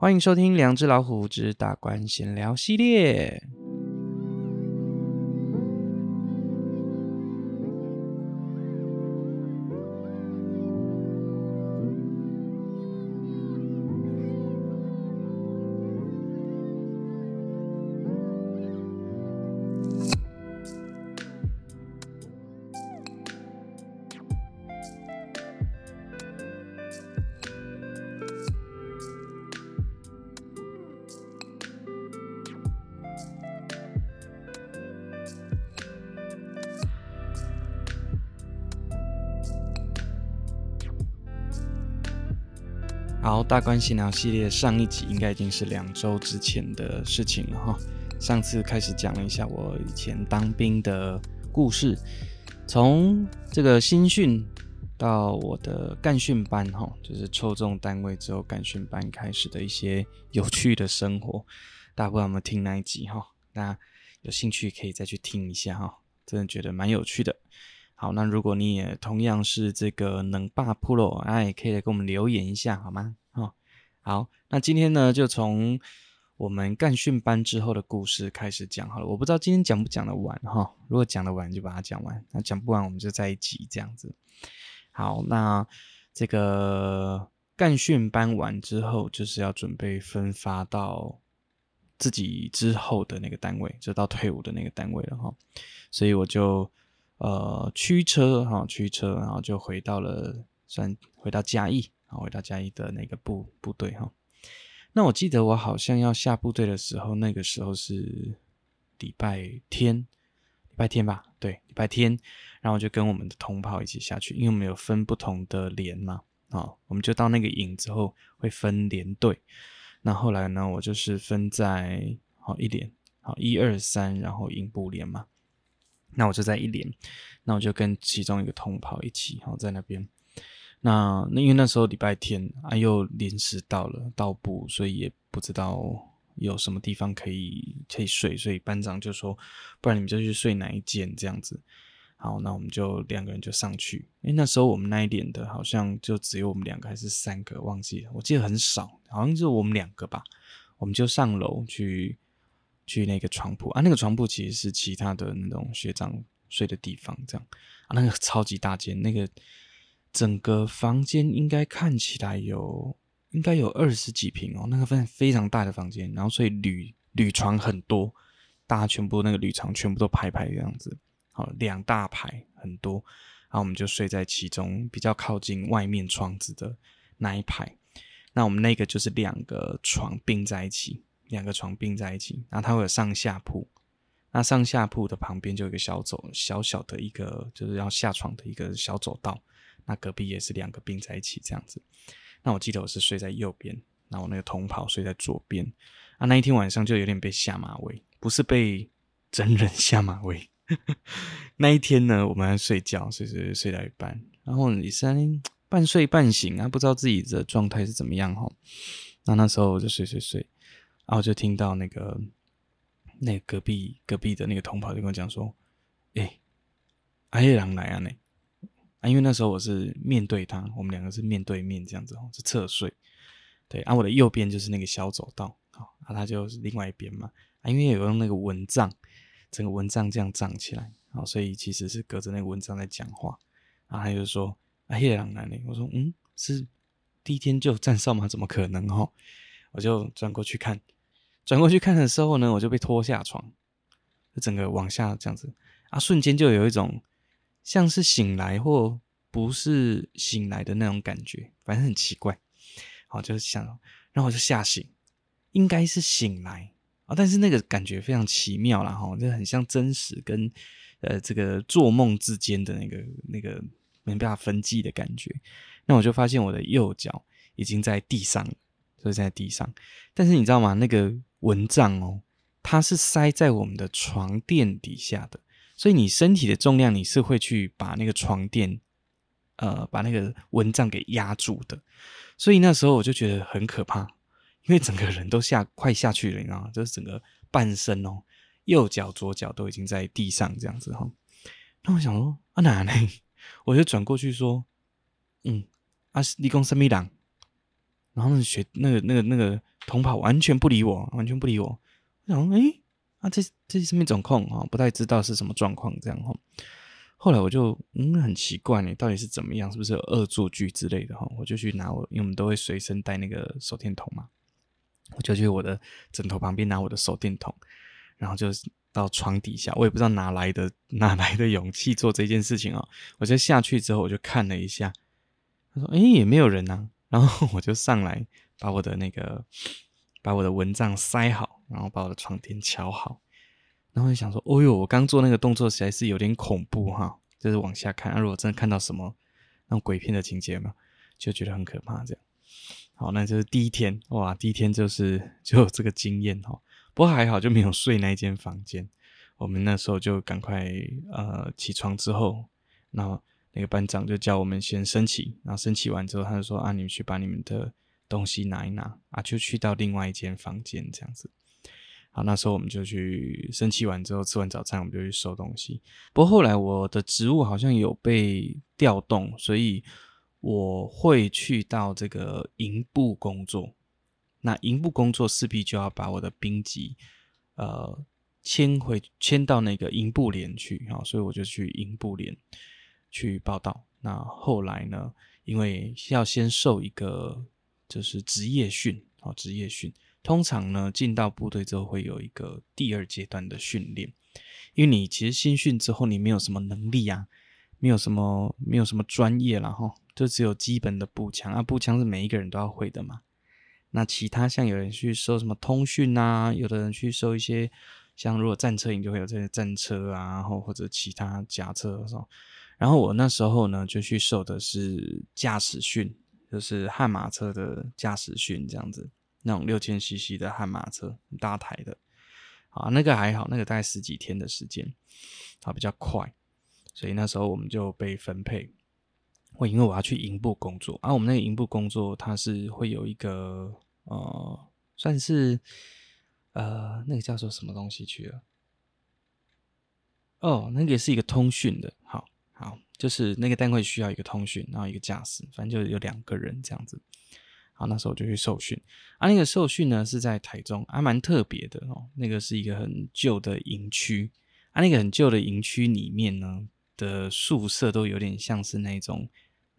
歡迎收聽《兩隻老虎之大官閒聊》系列。大官閒聊系列上一集應該已經是兩周之前的事情了哈，上次開始講了一下我以前當兵的故事，從這個新訓到我的幹訓班哈，就是抽中單位之後幹訓班開始的一些有趣的生活，大家不知道有沒有聽那一集哈，那有興趣可以再去聽一下哈，真的覺得蠻有趣的。好，那如果你也同樣是這個能霸 Pro，那也可以來給我們留言一下好嗎？好，那今天呢，就從我們幹訓班之後的故事開始講好了。我不知道今天講不講得完哈，如果講得完就把它講完，那講不完我們就再一集這樣子。好，那這個幹訓班完之後，就是要準備分發到自己之後的那個單位，就到退伍的那個單位了哈。所以我就呃驅車哈驅車，然後就回到了算回到嘉義。好，回到嘉義的那個部部隊哈。那我記得我好像要下部隊的時候，那個時候是禮拜天，禮拜天吧？對，禮拜天。然後我就跟我們的同袍一起下去，因為我們有分不同的連嘛。啊，我們就到那個營之後會分連隊。那後來呢，我就是分在好一連，好一二三，然後營部連嘛。那我就在一連，那我就跟其中一個同袍一起，然後在那邊。那那因為那時候禮拜天啊，又臨時到了到部，所以也不知道有什麼地方可以可以睡，所以班長就說，不然你們就去睡哪一間這樣子。好，那我們就兩個人就上去。為、欸、那時候我們那一連的好像就只有我們兩個還是三個，忘記了。我記得很少，好像就我們兩個吧。我們就上樓去去那個床鋪啊，那個床鋪其實是其他的那種學長睡的地方，這樣啊，那個超級大間那個。整個房間應該看起來有應該有二十幾坪哦，那個非常非常大的房間，然後所以鋁鋁床很多，大家全部那個鋁床全部都排排這樣子，好兩大排很多，然後我們就睡在其中比較靠近外面窗子的那一排，那我們那個就是兩個床併在一起，兩個床併在一起，然後它會有上下鋪，那上下鋪的旁邊就有一個小走小小的一個就是要下床的一個小走道。那隔壁也是兩個並在一起這樣子，那我記得我是睡在右邊，然後我那個同袍睡在左邊，啊，那一天晚上就有點被下馬威，不是被真人下馬威。 那一天呢，我們睡覺，睡,睡睡睡到一半，然後你三半睡半醒啊，不知道自己的狀態是怎麼樣哈。那那時候我就睡睡睡，然、啊、後就聽到那個那個、隔壁隔壁的那個同袍就跟我講說，哎、欸，阿葉郎來啊，那。啊，因為那時候我是面對他，我們兩個是面對面這樣子哦，是側睡。對啊，我的右邊就是那個小走道啊，他就是另外一邊嘛啊。因為有用那個蚊帳，整個蚊帳這樣張起來，啊，所以其實是隔着那個蚊帳在講話啊。他就說：“啊，嘿，郎男嘞！”我說：“嗯，是第一天就站哨嗎？怎麼可能哦？”我就轉過去看，轉過去看的時候呢，我就被拖下床，就整個往下這樣子啊，瞬間就有一種。像是醒來或不是醒來的那種感覺，反正很奇怪。好，就是想，然後我就嚇醒，應該是醒來啊、哦，但是那個感覺非常奇妙啦，哈、哦，就、這個、很像真實跟呃這個做夢之間的那個那個沒辦法分界的感覺。那我就發現我的右腳已經在地上，就在地上。但是你知道嗎？那個蚊帳哦，它是塞在我們的床墊底下的。所以你身體的重量，你是會去把那個床墊，呃，把那個蚊帳給壓住的。所以那時候我就覺得很可怕，因為整個人都下快下去了，你知道嗎？就是整個半身哦，右腳、左腳都已經在地上這樣子哈、哦。那我想說，啊，哪咧，我就轉過去說，嗯，啊，你功什麼？檔。然後那學那個、那個、那個同袍完全不理我，完全不理我。我想哎。誒啊，這這是什麼狀況啊？不太知道是什麼狀況，這樣哈。後來我就嗯，很奇怪，你到底是怎麼樣？是不是有惡作劇之類的哈？我就去拿我，因為我們都會隨身帶那個手電筒嘛。我就去我的枕頭旁邊拿我的手電筒，然後就到床底下。我也不知道哪來的哪來的勇氣做這件事情哦。我就下去之後，我就看了一下，他說：“哎，也沒有人吶。”然後我就上來把我的那個。把我的蚊帳塞好，然後把我的床墊敲好，然後就想說，哦呦，我剛做那個動作實在是有點恐怖哈，就是往下看啊，如果真的看到什麼那種鬼片的情節嘛，就覺得很可怕。這樣，好，那就是第一天，哇，第一天就是就有這個經驗哈，不過還好就沒有睡那一間房間。我們那時候就趕快呃起床之後，那那個班長就叫我們先升旗，然後升旗完之後，他就說啊，你們去把你們的。東西拿一拿啊，就去到另外一間房間這樣子。好，那時候我們就去升旗完之後，吃完早餐我們就去收東西。不過後來我的職務好像有被調動，所以我會去到這個營部工作。那營部工作勢必就要把我的兵籍呃遷回遷到那個營部連去。好，所以我就去營部連去報到。那後來呢，因為要先受一個。就是職業訓啊，哦、職業訓，通常呢進到部隊之後會有一個第二階段的訓練，因為你其實新訓之後你沒有什麼能力啊，沒有什麼，沒有什麼專業啦，然後就只有基本的步槍啊，步槍是每一個人都要會的嘛。那其他像有人去收什麼通訊啊，有的人去收一些像如果戰車營就會有這些戰車啊，然後或者其他甲車或什麼。然後我那時候呢就去受的是駕駛訓。就是悍馬車的駕駛訓，這樣子，那種六千 CC 的悍馬車，大台的，啊，那個還好，那個大概十幾天的時間，啊，比較快，所以那時候我們就被分配，我因為我要去營部工作，啊，我們那個營部工作，它是會有一個，呃，算是，呃，那個叫做什麼東西去了，哦，那個也是一個通訊的。好，就是那個單位需要一個通訊，然後一個駕駛，反正就是有兩個人這樣子。好，那時候我就去受訓。啊，那個受訓呢是在台中，還、啊、蠻特別的哦。那個是一個很舊的營區，啊，那個很舊的營區裡面呢的宿舍都有點像是那種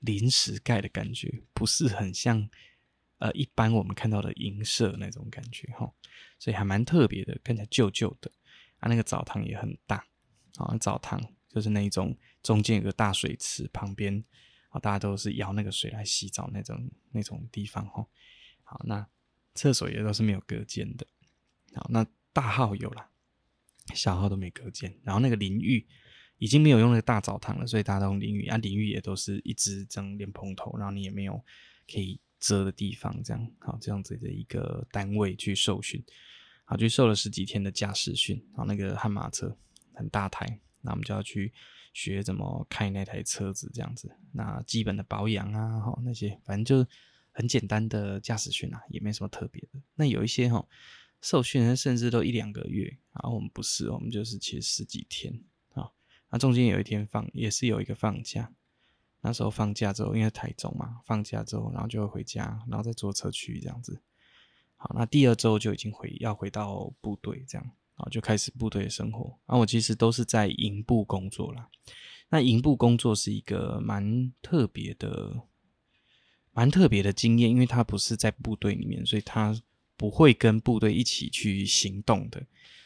臨時蓋的感覺，不是很像呃一般我們看到的營舍那種感覺哈、哦。所以還蠻特別的，看起來舊舊的。啊，那個澡堂也很大，啊、哦，澡堂就是那一種。中間有個大水池，旁邊，大家都是舀那個水來洗澡那種那種地方哈，好，那廁所也都是沒有隔間的。好，那大號有啦，小號都沒隔間。然後那個淋浴已經沒有用那個大澡堂了，所以大家都用淋浴啊。淋浴也都是一直這樣蓮蓬頭，然後你也沒有可以遮的地方，這樣好這樣子的一個單位去受訓。好，就受了十幾天的駕駛訓。好，那個悍馬車很大台，那我們就要去。學怎麼開那台車子這樣子，那基本的保養啊，那些反正就很簡單的駕駛訓啊，也沒什麼特別的。那有一些哦，受訓人甚至都一兩個月，然後我們不是，我們就是其實十幾天啊。那中間有一天放，也是有一個放假。那時候放假之後，因為台中嘛，放假之後然後就會回家，然後再坐車去這樣子。好，那第二周就已經回，要回到部隊這樣。好，就開始部隊的生活。啊，我其實都是在營部工作啦，那營部工作是一個蠻特別的，蠻特別的經驗，因為他不是在部隊裡面，所以他不會跟部隊一起去行動的。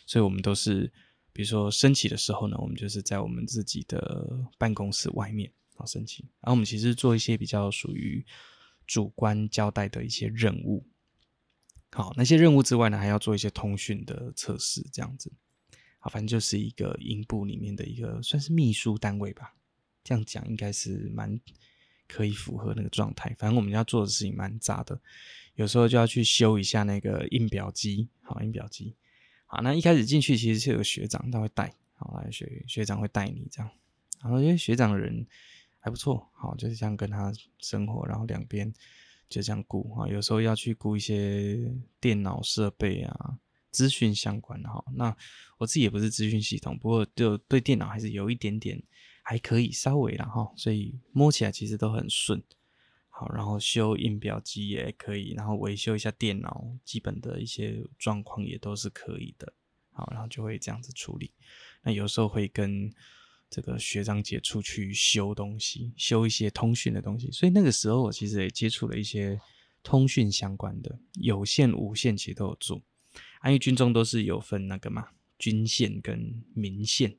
所以，我們都是，比如說升旗的時候呢，我們就是在我們自己的辦公室外面啊升旗，然後，啊，我們其實做一些比較屬於主觀交代的一些任務。好，那些任務之外呢，還要做一些通訊的測試，這樣子。好，反正就是一個營部裡面的一個算是秘書單位吧。這樣講應該是蠻可以符合那個狀態。反正我們要做的事情蠻雜的，有時候就要去修一下那個印表機。好，印表機。好，那一開始進去其實是有個學長他會帶，好，來學學長會帶你這樣。然後因為學長的人還不錯，好，就是這樣跟他生活，然後兩邊。就這樣顧哈，有時候要去顧一些電腦設備啊，資訊相關的哈。那我自己也不是資訊系統，不過就對電腦還是有一點點還可以，稍微啦哈。所以摸起來其實都很順，好，然後修印表機也可以，然後維修一下電腦，基本的一些狀況也都是可以的，好，然後就會這樣子處理。那有時候會跟。這個學長姐出去修東西，修一些通訊的東西，所以那個時候我其實也接觸了一些通訊相關的。有線、無線其實都有做。安於軍中都是有分那個嘛，軍線跟民線。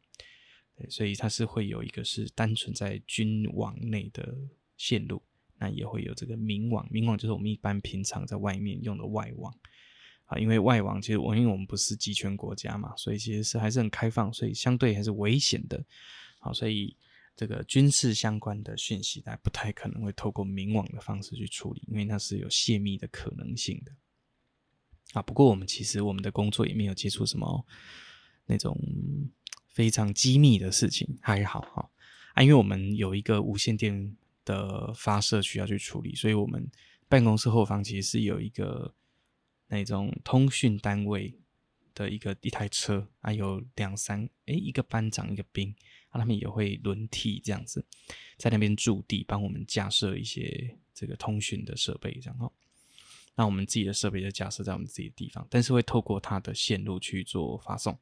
對，所以它是會有一個是單純在軍網內的線路，那也會有這個民網，民網就是我們一般平常在外面用的外網。因為外網其實我因為我們不是集權國家嘛，所以其實是還是很開放，所以相對還是危險的，好，所以這個軍事相關的訊息，它不太可能會透過明網的方式去處理，因為那是有洩密的可能性的。啊，不過我們其實我們的工作也沒有接觸什麼那種非常機密的事情，還好哈啊，因為我們有一個無線電的發射需要去處理，所以我們辦公室後方其實是有一個。那種通訊單位的一個一台車啊，有兩三誒、欸，一個班長一個兵，啊，他們也會輪替這樣子，在那邊駐地幫我們架設一些這個通訊的設備，然、哦、後，那我們自己的設備就架設在我們自己的地方，但是會透過它的線路去做發送，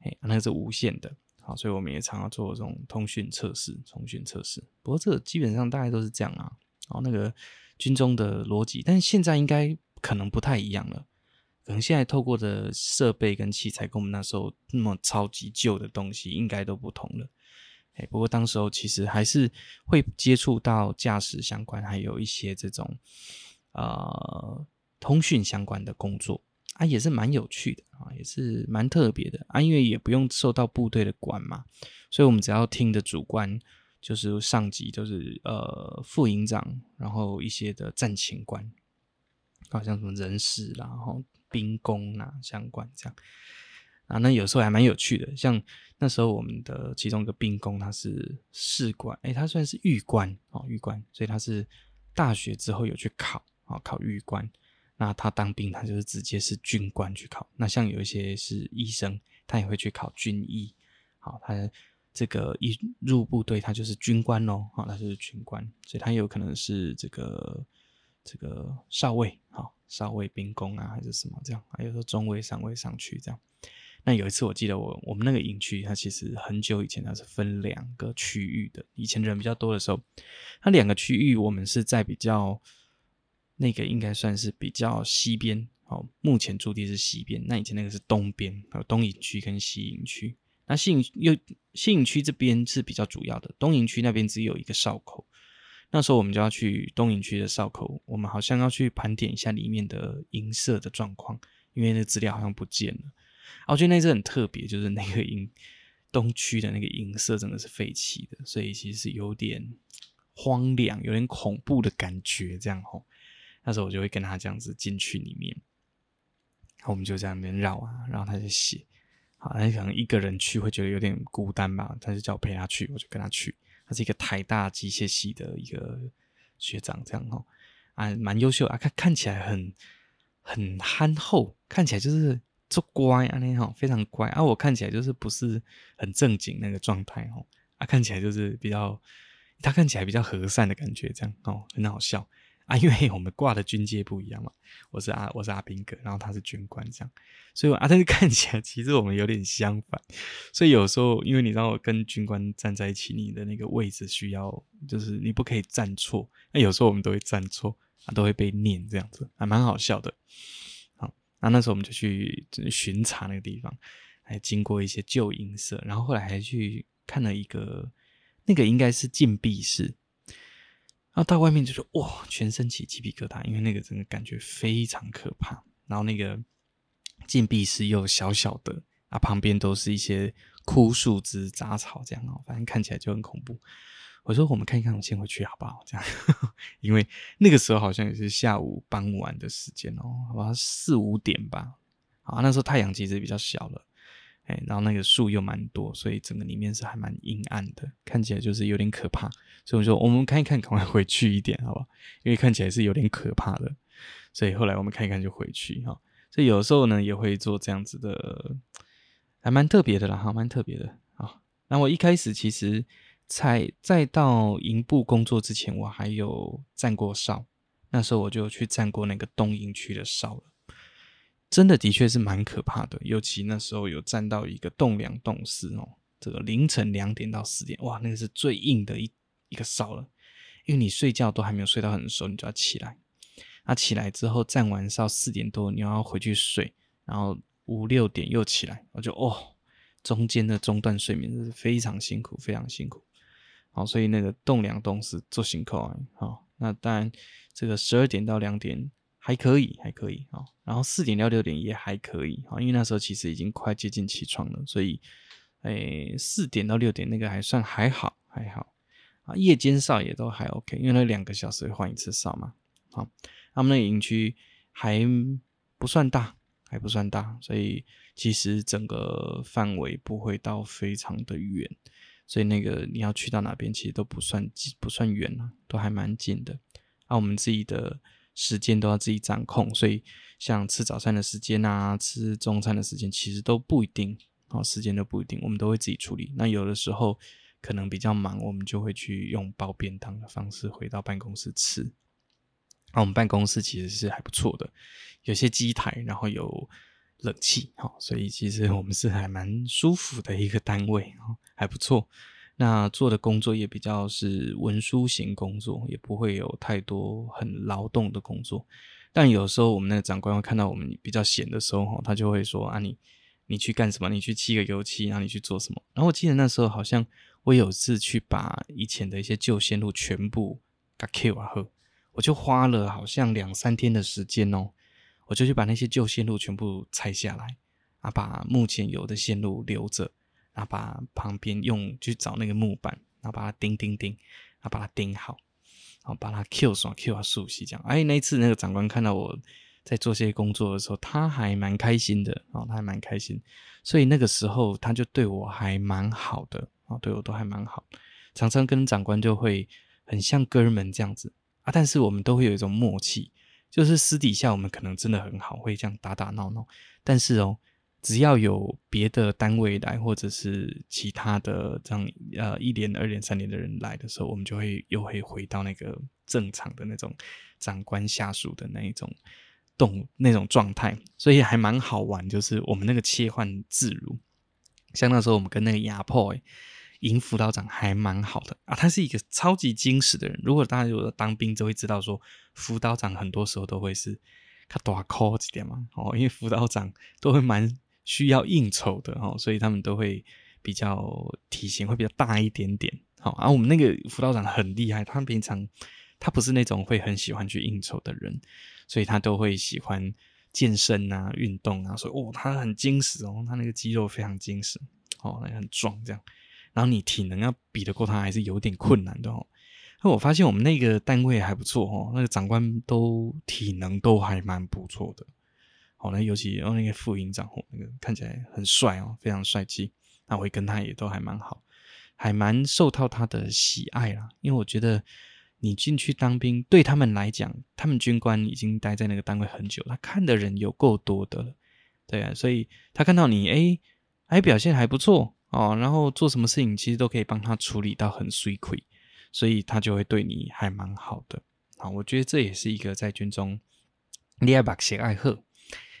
哎、欸啊，那個是無線的，啊、哦，所以我們也常常做這種通訊測試，通訊測試，不過這基本上大概都是這樣啊，哦，那個軍中的邏輯，但是現在應該。可能不太一樣了，可能現在透過的設備跟器材跟我們那時候那麼超級舊的東西應該都不同了。哎、欸，不過當時候其實還是會接觸到駕駛相關，還有一些這種呃通訊相關的工作啊，也是蠻有趣的啊，也是蠻特別的啊，因為也不用受到部隊的管嘛，所以我們只要聽的主官，就是上級，就是呃副營長，然後一些的戰情官。好像什麼人事啦，然後兵工啦，相關這樣，啊，那有時候還蠻有趣的。像那時候我們的其中一個兵工，他是士官，哎，他算是尉官哦，尉官，所以他是大學之後有去考，啊、哦，考尉官。那他當兵，他就是直接是軍官去考。那像有一些是醫生，他也會去考軍醫。好、哦，他這個一入部隊，他就是軍官咯、哦。啊、哦，他就是軍官，所以他有可能是這個。這個少尉，好，少尉兵工啊，還是什麼這樣？還有說中尉、上尉上去這樣。那有一次我記得我，我我們那個營區，它其實很久以前它是分兩個區域的。以前人比較多的時候，那兩個區域我們是在比較那個應該算是比較西邊，哦，目前駐地是西邊。那以前那個是東邊，有東營區跟西營區。那西營又西營區這邊是比較主要的，東營區那邊只有一個哨口。那時候我們就要去東營區的哨口，我們好像要去盤點一下裡面的銀色的狀況，因為那資料好像不見了。啊，我覺得那是很特別，就是那個銀，東區的那個銀色真的是廢棄的，所以其實是有點荒涼，有點恐怖的感覺，這樣吼。那時候我就會跟他這樣子進去裡面，然後我們就在那邊繞啊，然後他就寫。好，他可能一個人去會覺得有點孤單吧，他就叫我陪他去，我就跟他去。他是一個台大機械系的一個學長，這樣哦，啊，蠻優秀啊，看看起來很很憨厚，看起來就是就乖啊，那吼、哦，非常乖啊，我看起來就是不是很正經那個狀態哦，啊，看起來就是比較，他看起來比較和善的感覺，這樣哦，很好笑。啊，因為我們掛的軍階不一樣嘛，我是阿我是阿兵哥，然後他是軍官這樣，所以我啊，但是看起來其實我們有點相反，所以有時候因為你讓我跟軍官站在一起，你的那個位置需要就是你不可以站錯，那有時候我們都會站錯，啊都會被念這樣子，還、啊、蠻好笑的。好，那那時候我們就去巡查那個地方，還經過一些舊營舍，然後後來還去看了一個，那個應該是禁閉室。然後到外面就說哇，全身起雞皮疙瘩，因為那個真的感覺非常可怕。然後那個禁閉室又小小的啊，旁邊都是一些枯樹枝、雜草這樣哦，反正看起來就很恐怖。我說我們看一看，我先回去好不好？這樣呵呵，因為那個時候好像也是下午傍晚的時間哦，好像四五點吧。好，那時候太陽其實比較小了。哎，然後那個樹又蠻多，所以整個裡面是還蠻陰暗的，看起來就是有點可怕。所以我說，我們看一看，趕快回去一點，好吧？因為看起來是有點可怕的。所以後來我們看一看就回去哈。所以有時候呢，也會做這樣子的，還蠻特別的啦，哈，蠻特別的啊。那我一開始其實才在再到營部工作之前，我還有站過哨，那時候我就去站過那個東營區的哨了。真的的確是蠻可怕的，尤其那時候有站到一個棟梁洞司哦，這個凌晨兩點到四點，哇，那個是最硬的一一個哨了，因為你睡覺都還沒有睡到很熟，你就要起來。那、啊、起來之後站完哨四點多，你要回去睡，然後五六點又起來，我就哦，中間的中斷睡眠是非常辛苦，非常辛苦，好，所以那個棟梁洞司做醒苦啊，好，那當然這個十二點到兩點。還可以，還可以啊、哦。然後四點到六點也還可以啊、哦，因為那時候其實已經快接近起床了，所以，哎、欸，四點到六點那個還算還好，還好啊。夜間哨也都還 OK，因為那兩個小時換一次哨嘛。好、哦，他們那個營區還不算大，還不算大，所以其實整個範圍不會到非常的遠，所以那個你要去到哪邊其實都不算不算遠啊，都還蠻近的。啊，我們自己的。時間都要自己掌控，所以像吃早餐的時間啊，吃中餐的時間，其實都不一定哦，時間都不一定，我們都會自己處理。那有的時候可能比較忙，我們就會去用包便當的方式回到辦公室吃。那我們辦公室其實是還不錯的，有些機台，然後有冷氣，哈，所以其實我們是還蠻舒服的一個單位，還不錯。那做的工作也比較是文書型工作，也不會有太多很勞動的工作。但有時候我們那個長官會看到我們比較閒的時候，他就會說啊你，你你去幹什麼？你去漆個油漆，然後你去做什麼？然後我記得那時候好像我有一次去把以前的一些舊線路全部給拆瓦後，我就花了好像兩三天的時間哦、喔，我就去把那些舊線路全部拆下來啊，把目前有的線路留着。他把旁邊用去找那個木板，然後把它釘釘釘，然後把它釘好，然後把它 kill 爽，kill 啊熟悉這樣。哎，那一次那個長官看到我在做這些工作的時候，他還蠻開心的哦，他還蠻開心，所以那個時候他就對我還蠻好的哦，對我都還蠻好，常常跟長官就會很像哥們這樣子啊。但是我們都會有一種默契，就是私底下我們可能真的很好，會這樣打打鬧鬧，但是哦。只要有別的單位來，或者是其他的這樣呃一連、二連、三連的人來的時候，我們就會又會回到那個正常的那種長官下屬的那一種動那種狀態，所以還蠻好玩。就是我們那個切換自如，像那時候我們跟那個亞迫營輔導長還蠻好的啊，他是一個超級精實的人。如果大家有當兵，就會知道說輔導長很多時候都會是他多摳一點嘛哦，因為輔導長都會蠻。需要應酬的哦，所以他們都會比較體型會比較大一點點，好、啊，而我們那個輔導長很厲害，他平常他不是那種會很喜歡去應酬的人，所以他都會喜歡健身啊、運動啊，所以哦，他很精實哦，他那個肌肉非常精實哦，很壯這樣。然後你體能要比得過他還是有點困難的哦。那、啊，我發現我們那個單位還不錯哦，那個長官都體能都還蠻不錯的。好呢，尤其哦，那個副營長，那個看起來很帥哦，非常帥氣。那我跟他也都還蠻好，還蠻受到他的喜愛啦。因為我覺得你進去當兵，對他們來講，他們軍官已經待在那個單位很久了，他看的人有夠多的了。對啊，所以他看到你，欸、哎，還表現還不錯哦，然後做什麼事情其實都可以幫他處理到很水虧，所以他就會對你還蠻好的。啊，我覺得這也是一個在軍中，你要愛把血愛喝。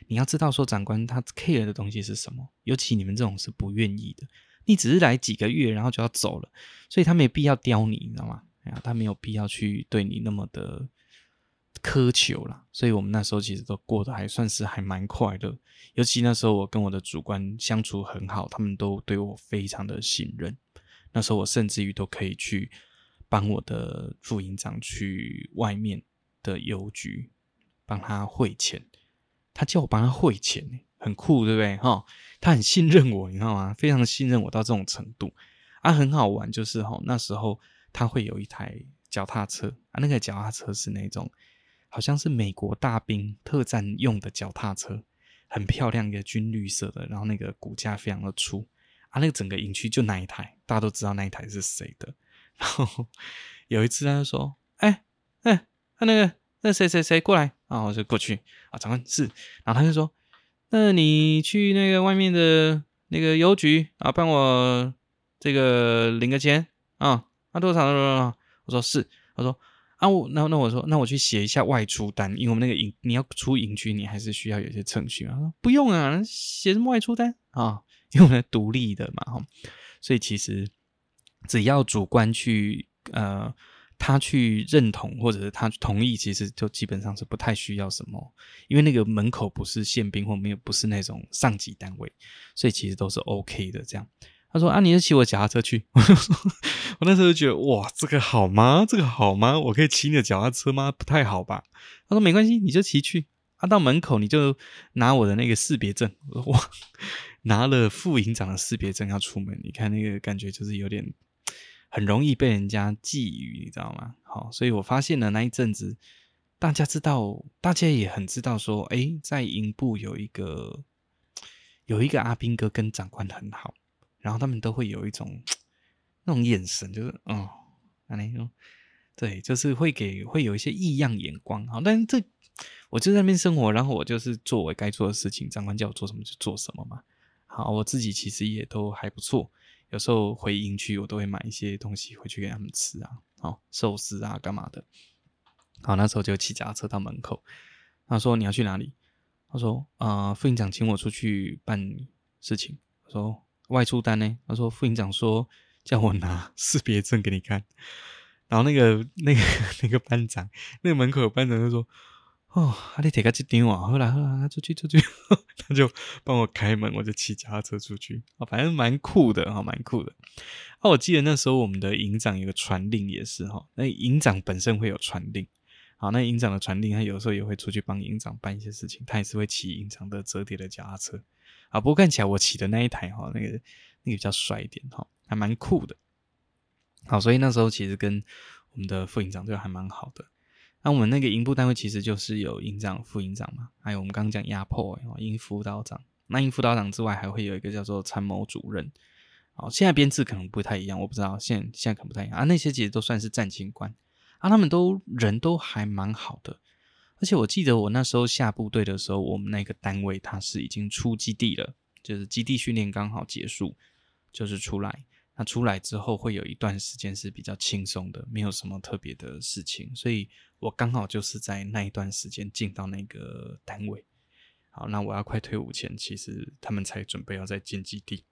你要知道，說長官他 care 的東西是什麼，尤其你們這種是不願意的。你只是來幾個月，然後就要走了，所以他沒必要刁你，你知道嗎？他沒有必要去對你那麼的苛求了。所以我們那時候其實都過得還算是還蠻快樂。尤其那時候我跟我的主官相處很好，他們都對我非常的信任。那時候我甚至於都可以去幫我的副營長去外面的郵局幫他匯錢。他叫我幫他匯錢，很酷，對不對？哈、哦，他很信任我，你知道嗎？非常信任我到這種程度，啊，很好玩，就是哈、哦，那時候他會有一台腳踏車，啊，那個腳踏車是那種，好像是美國大兵特戰用的腳踏車，很漂亮一個軍綠色的，然後那個骨架非常的粗，啊，那個整個營區就那一台，大家都知道那一台是誰的。然後有一次他就說，哎、欸，哎、欸，他那個那誰誰誰過來。啊，我就過去啊，長官是，然後他就說，那你去那個外面的那個郵局啊，幫我這個領個錢啊，那、啊、多少多少，多少？我說是，他說啊，我那那我說，那我去寫一下外出單，因為我們那個營你要出營區，你還是需要有些程序嘛。他說不用啊，寫什麼外出單啊？因為我們是獨立的嘛，哈，所以其實只要主觀去呃。他去認同或者是他同意，其實就基本上是不太需要什麼，因為那個門口不是憲兵或沒有不是那種上級單位，所以其實都是 OK 的這樣。他說啊，你就騎我腳踏車去。我就說，我那時候就覺得哇，這個好嗎？這個好嗎？我可以騎你的腳踏車嗎？不太好吧？他說沒關係，你就騎去啊。到門口你就拿我的那個識別證。我說哇拿了副營長的識別證要出門，你看那個感覺就是有點。很容易被人家覬覦，你知道嗎？好，所以我發現了那一陣子，大家知道，大家也很知道，說，哎，在營部有一個，有一個阿兵哥跟長官很好，然後他們都會有一種那種眼神，就是，嗯、哦，對，就是會給會有一些異樣眼光，好，但是這我就在那邊生活，然後我就是做我該做的事情，長官叫我做什麼就做什麼嘛。好，我自己其實也都還不錯。有時候回營區，我都會買一些東西回去給他們吃啊，好、哦、壽司啊，幹嘛的？好，那時候就騎腳踏車到門口。他說：“你要去哪裡？”他說：“啊、呃，副營長請我出去辦事情。”我說：“外出單呢？”他說：“副營長說叫我拿識別證給你看。”然後那個那個那個班長，那個門口有班長就說：“哦，阿得鐵家去頂我，後來後來，他出去出去。出去”他就幫我開門，我就騎腳踏車出去，啊、哦，反正蠻酷的，齁，蠻酷的。啊，我記得那時候我們的營長有個傳令也是，齁，那營長本身會有傳令，好，那營長的傳令他有時候也會出去幫營長辦一些事情，他也是會騎營長的折疊的腳踏車，啊，不過看起來我騎的那一台齁，那個那個比較帥一點，齁，還蠻酷的，好，所以那時候其實跟我們的副營長就還蠻好的。那我們那個營部單位其實就是有營長、副營長嘛，還有我們剛剛講壓迫哦，營輔導長。那營輔導長之外，還會有一個叫做參謀主任。哦，現在編制可能不太一樣，我不知道現在現在可能不太一樣啊。那些其實都算是戰情官啊，他們都人都還蠻好的。而且我記得我那時候下部隊的時候，我們那個單位他是已經出基地了，就是基地訓練剛好結束，就是出來。那出來之後會有一段時間是比較輕鬆的，沒有什麼特別的事情，所以我剛好就是在那一段時間進到那個單位。好，那我要快退伍前，其實他們才準備要再進基地，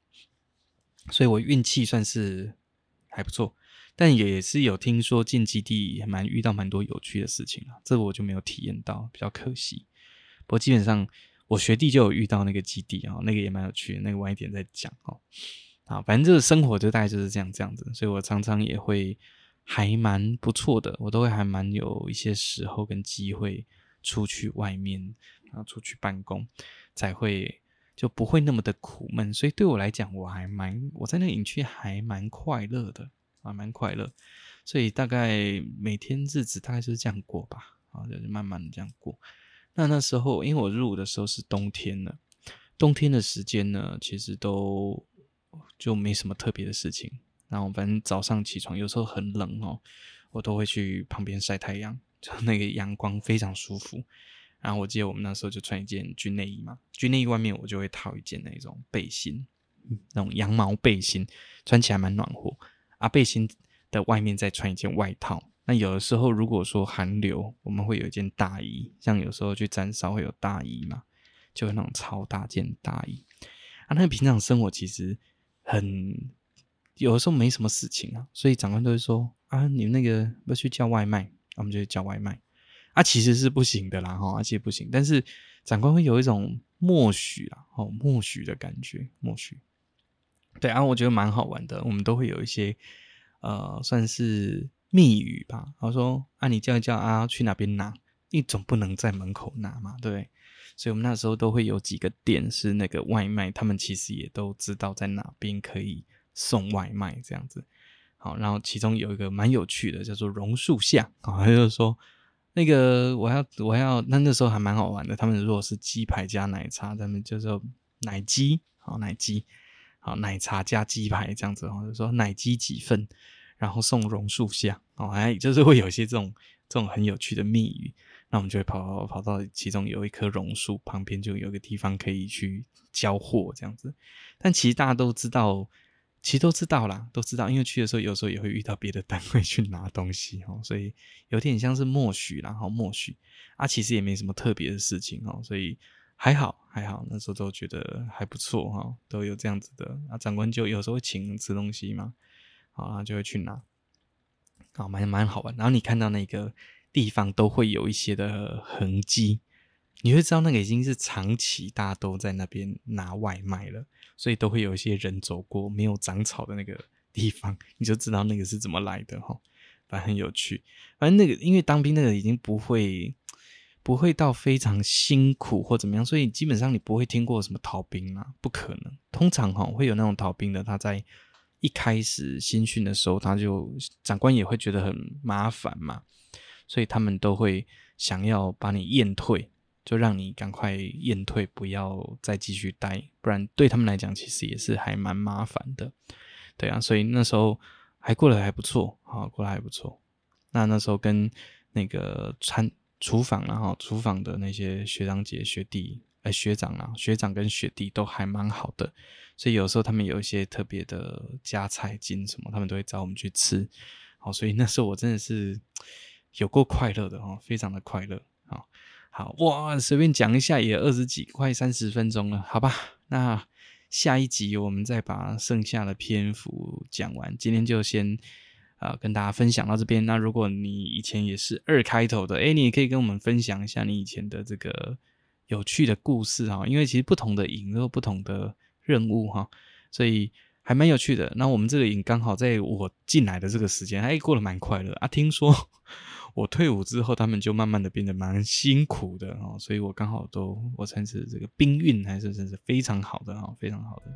所以我運氣算是還不錯，但也是有聽說進基地蠻遇到蠻多有趣的事情啊。這我就沒有體驗到，比較可惜。不過基本上我學弟就有遇到那個基地啊，那個也蠻有趣的，那個晚一點再講哦。啊，反正就是生活，就大概就是這樣這樣子，所以我常常也會還蠻不錯的，我都會還蠻有一些時候跟機會出去外面然後出去辦公，才會就不會那麼的苦悶。所以對我來講，我還蠻我在那營區還蠻快樂的，還蠻快樂。所以大概每天日子大概就是這樣過吧，啊，就就是、慢慢的這樣過。那那時候因為我入伍的時候是冬天了，冬天的時間呢，其實都。就沒什麼特別的事情，然後反正早上起床有時候很冷哦，我都會去旁邊曬太陽，就那個陽光非常舒服。然後，啊，我記得我們那時候就穿一件軍內衣嘛，軍內衣外面我就會套一件那種背心，那種羊毛背心，穿起來蠻暖和。啊，背心的外面再穿一件外套。那有的時候如果說寒流，我們會有一件大衣，像有時候去站哨會有大衣嘛，就是那種超大件大衣。啊，那個、平常生活其實。很有的時候沒什麼事情啊，所以長官都會說啊，你們那個要去叫外賣，啊、我們就去叫外賣。啊，其實是不行的啦，哈，而、啊、且不行。但是長官會有一種默許啦、啊，哦，默許的感覺，默許。對啊，我覺得蠻好玩的。我們都會有一些呃，算是密語吧。然後說啊，你叫一叫啊，去哪邊拿？你總不能在門口拿嘛，對。所以我們那時候都會有幾個店是那個外賣，他們其實也都知道在哪邊可以送外賣這樣子。好，然後其中有一個蠻有趣的，叫做榕樹下，他就是說那個我要我要那那個時候還蠻好玩的。他們如果是雞排加奶茶，他們就說奶雞好奶雞好，奶茶加雞排這樣子，然後就說奶雞幾份，然後送榕樹下。好，還就是會有一些這種這種很有趣的秘語。那我們就會跑到跑到其中有一棵榕樹旁邊，就有個地方可以去交貨這樣子。但其實大家都知道，其實都知道啦，都知道，因為去的時候有時候也會遇到別的單位去拿東西、喔、所以有點像是默許啦，好，默許啊。其實也沒什麼特別的事情、喔、所以還好還好，那時候都覺得還不錯哈、喔，都有這樣子的啊。長官就有時候會請吃東西嘛，好，然後就會去拿，啊，蠻蠻好玩。然後你看到那個。地方都會有一些的痕跡，你就知道那個已經是長期大家都在那邊拿外賣了，所以都會有一些人走過沒有長草的那個地方，你就知道那個是怎麼來的。反正很有趣，反正那個因為當兵那個已經不會不會到非常辛苦或怎麼樣，所以基本上你不會聽過什麼逃兵嘛，啊，不可能。通常會有那種逃兵的，他在一開始新訓的時候，他就長官也會覺得很麻煩嘛。所以他們都會想要把你驗退，就讓你趕快驗退，不要再繼續待，不然對他們來講其實也是還蠻麻煩的，對啊，所以那時候還過得還不錯，啊、過得還不錯。那那時候跟那個廚房然後、啊、廚房的那些學長姐、學弟，呃、學長啊，學長跟學弟都還蠻好的，所以有時候他們有一些特別的加菜金什麼，他們都會找我們去吃，好、啊，所以那時候我真的是。有夠快樂的哦，非常的快樂啊！好，好哇，隨便講一下也二十幾快三十分鐘了，好吧？那下一集我們再把剩下的篇幅講完。今天就先啊、呃、跟大家分享到這邊。那如果你以前也是二開頭的、欸，你也可以跟我們分享一下你以前的這個有趣的故事啊、哦。因為其實不同的營有不同的任務哈、哦，所以還蠻有趣的。那我們這個營剛好在我進來的這個時間，哎、欸，過得蠻快樂啊。聽說。我退伍之後，他們就慢慢的變得蠻辛苦的，所以我剛好都，我算是這個兵運還是真是非常好的哈，非常好的。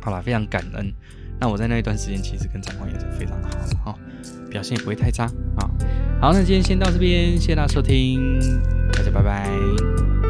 好吧，非常感恩。那我在那一段時間，其實跟長官也是非常好的哈，表現也不會太差啊。好，那今天先到這邊，謝謝大家收聽，大家拜拜。